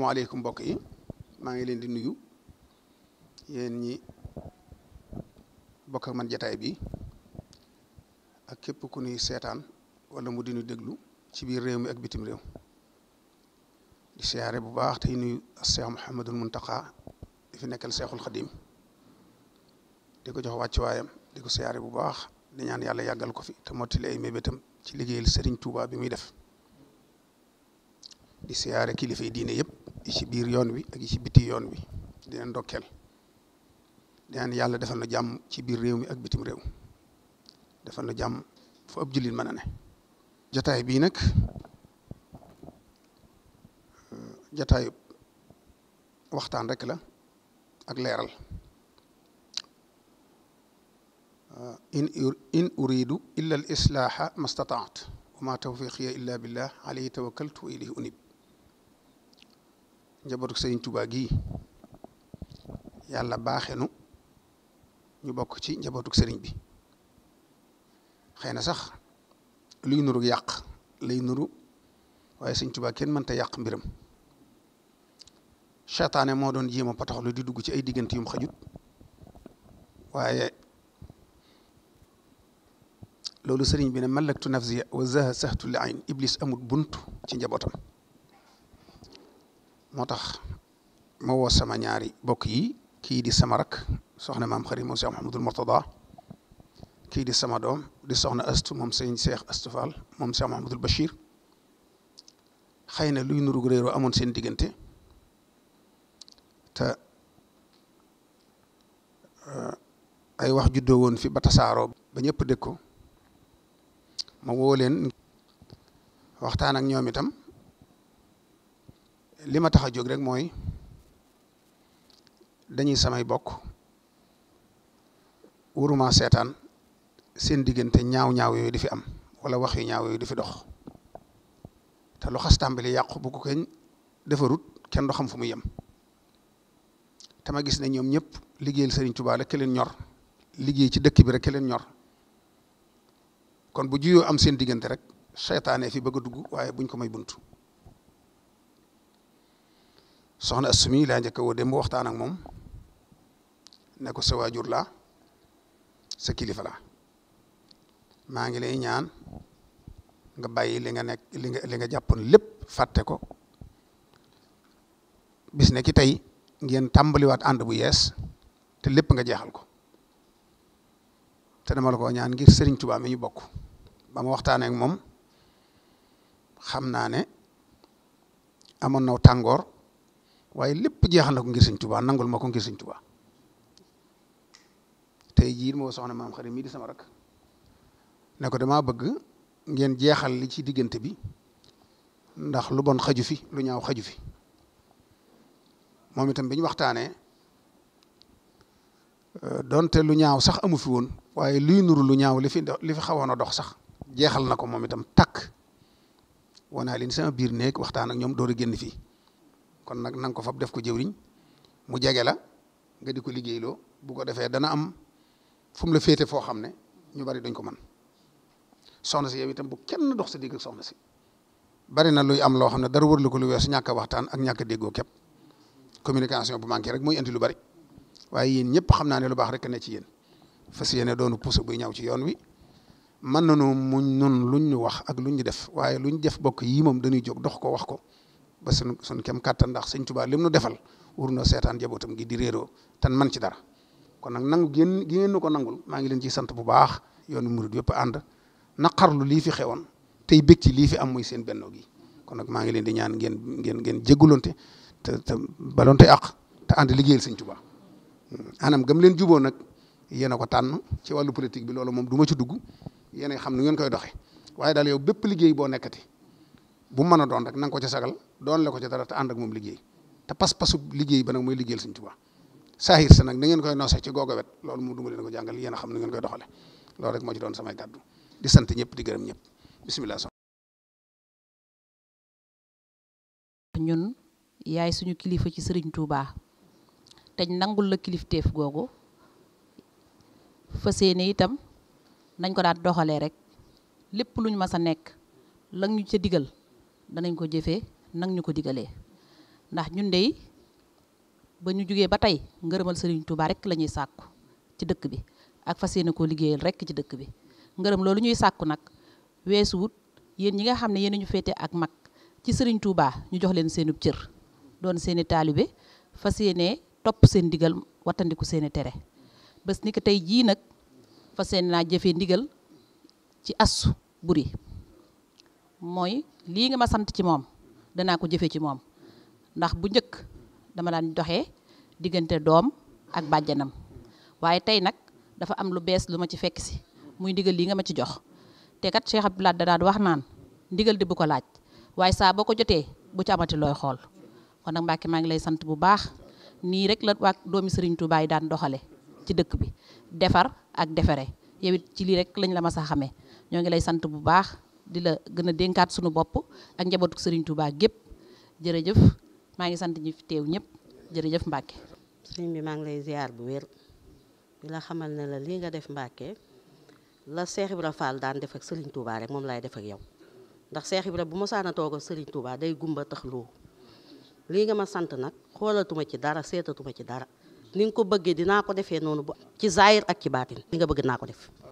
asalaamaaleykum mbokk yi maa ngi leen di nuyu yéen ñi bokk ak man jataay bi ak képp ku nuy seetaan wala mu di nu déglu ci biir réew mi ak bitim réew di siyaare bu baax tey nuyu Cheikh Mouhamadul Muntaqa di fi nekkal Cheikhul Khadim di ko jox wàccuwaayam di ko siyaare bu baax di ñaan yàlla yàggal ko fi te mottali ay mébétam ci liggéeyal Serigne Touba bi muy def. di siyaare kilifa yi diine yëpp yi ci biir yoon wi ak yi ci biti yoon wi di leen ndokkeel di naan yàlla defal na jàmm ci biir réew mi ak bitim réew defal na jàmm fu ab jullit mën a ne jataay bii nag jataayu waxtaan rek la ak leeral in in uridu illa al islaaha mastataat wa ma tawfiqiya illa billah alayhi tawakkaltu wa ilayhi unib njabootu sëriñ tubaa gi yàlla baaxee nu ñu bokk ci njabootu sëriñ bi xëy na sax luy nuru yàq lay nuru waaye sëriñ Tuubaa kenn mënta yàq mbiram seytaane moo doon jéem a di dugg ci ay diggante yum xajut waaye loolu sëriñ bi ne malaktu nafsi wa zaha sahtu iblis amul bunt ci njabootam motax mo wo sama ñaari bokk yi ki di sama rak soxna mam xarit mo Cheikh Mouhamadul murtada ki di sama dom di soxna astu mom seigne Cheikh astoufal mom Cheikh Mouhamadul Bachir xëy na luy nuru réeroo amoon seen diggante te ay wax juddo won fi ba ba ñëpp dégg ma wo len waxtaan ak ñoom itam li ma tax a jóg rek mooy dañuy samay bokk wuruma seetaan seen diggante ñaaw-ñaaw yooyu di fi am wala wax yu ñaaw yooyu di fi dox te lu xas tàmbali yàqu bu ko kenn defarut kenn do xam fu mu yem te ma gis ne ñoom ñëpp liggéeyal Serigne Touba rek leen ñor liggéey ci dëkk bi rek ke leen ñor kon bu juyoo am seen diggante rek seytaane fi bëgg dugg waaye buñ ko may bunt soxna Assumi laa njëkk a woo dem waxtaan ak moom ne ko sa waajur laa sa kilifa maa ngi lay ñaan nga bàyyi li nga nekk li nga li nga jàppoon lépp fàtte ko bis ne ki tey ngeen tàmbaliwaat ànd bu yees te lépp nga jeexal ko te dama la ko ñaan ngir Serigne Touba mi ñu bokk ba ma moom xam naa ne amoon naw tàngoor. waye lépp jeexal na ko ngir seigne touba nangul mako ngir seigne touba tay jiir mo soxna mam xarit mi di sama rak ne ko damaa bëgg ngeen jeexal li ci digënté bi ndax lu bon xaju fi lu ñaaw xaju fi momitam itam waxtane donte lu ñaaw sax amu fi woon waye li nuru lu ñaaw li fi li fi xawono dox sax jeexal nako momitam tak wana takk sama bir néeg waxtaan ak ñom door génn fii kon nag na ko fab def ko jëwriñ mu jege la nga di ko liggéeyloo bu ko defee dana am fu la féete foo xam ne ñu bari duñ ko mën soxna si yow itam bu kenn dox sa digg ak soxna si bari na luy am loo xam ne dara wër la ko lu weesu ñàkk a waxtaan ak ñàkk a déggoo képp communication bu manqué rek mooy indi lu bari waaye yéen ñëpp xam naa ne lu baax rek ne ci yéen fas yéene doonu pousse buy ñaw ci yoon wi mën nañu mu nun luñ ñu wax ak luñ ñu def waaye luñ def bokk yi moom dañuy jóg dox ko wax ko ba sun sun kem katta ndax seigne touba limnu defal wurnoo setan jabotam gi di rero tan man ci dara kon nag nangu gi ngeen nu ko nangul ma ngi len ci sante bu baax yoonu mourid yëpp and naqarlu li fi xewon tey bekk ci li fi am moy seen benno gi kon nak ma ngi len di ñaan ngeen ngeen ngeen te te balonte ak te and liggéeyal seigne touba hmm. anam gam len juboo nak yena ko tan ci walu politique bi lolu mom duma ci dugg yéen xam nu ngeen koy doxé waye dal yow bepp bo nekkati bu mëna doon rek nang ko ci sagal doon la ko ci dara ta and ak mom liggéey ta pass pasu liggéey ba nak moy liggéeyal Sëñ Tuubaa sahir sa nak na ngeen koy nosé ci gogo wet loolu mu duma leen ko jàngal yéen xam na ngeen koy doxale loolu rek mo ci doon samay gaddu di sant ñepp di gërëm ñepp bismillah ñun yaay suñu kilifa ci Sëriñ touba tañ nangul la kiliftef gogo fas itam nañ ko daat doxale rek lepp luñu mas nek nekk ñu ci digal danañ ko jëfee nag ñu ko digalee ndax ñun dey ba ñu jógee ba tey ngërëmal sëriñ Touba rek la ñuy sàkku ci dëkk bi ak fas yéene koo liggéeyal rekk ci dëkk bi ngërëm loolu ñuy sàkku nag weesu wut yéen ñi nga xam ne yéen ñu féete ak mag ci Serigne Touba ñu jox leen seenub cër doon seeni taalibe fas yéene topp seen ndigal wattandiku seeni tere bés ni ko tey jii nag fas yéene naa jëfee ndigal ci as buri mooy li nga ma sant ci mom dana ko jëfé ci mom ndax bu ñëk dama daan doxé digënté doom ak bajjanam waaye tay nak dafa am lu bees lu ma ci fekk ci muy digël li nga ma ci jox té kat Cheikh abdullah da daan wax naan digël di bu ko laaj waaye sa boo jotté bu ci amati loy xol kon nak mbacké ma ngi lay sant bu baax ni rek la wak doomi Serigne Touba yi daan doxalé ci dëkk bi defar ak defere yewit ci li rek lañ la ma sa xamé ñoo ngi lay sant bu baax di la gën a dénkaat suñu bopp ak njabootu Serigne Touba gépp jërëjëf maa ngi sant ñi fi teew ñëpp jërëjëf Mbacke. sëriñ bi maa ngi lay ziar bu wér di la xamal ne la lii nga def Mbacke la Cheikh Ibra Fall daan def sëriñ Serigne rek moom laay def ak yow ndax Cheikh rek bu ma a toog ak sëriñ Touba day gumba tax loo lii nga ma sant nag xoolatuma ci dara seetatuma ci dara ni nga ko bëggee dinaa ko defee noonu bu ci zaahir ak ci baatin li nga bëgg naa ko def.